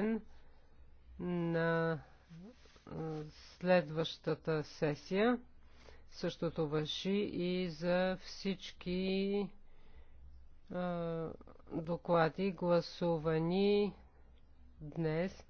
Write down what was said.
степен на следващата сесия. Същото върши и за всички доклади, гласувани днес.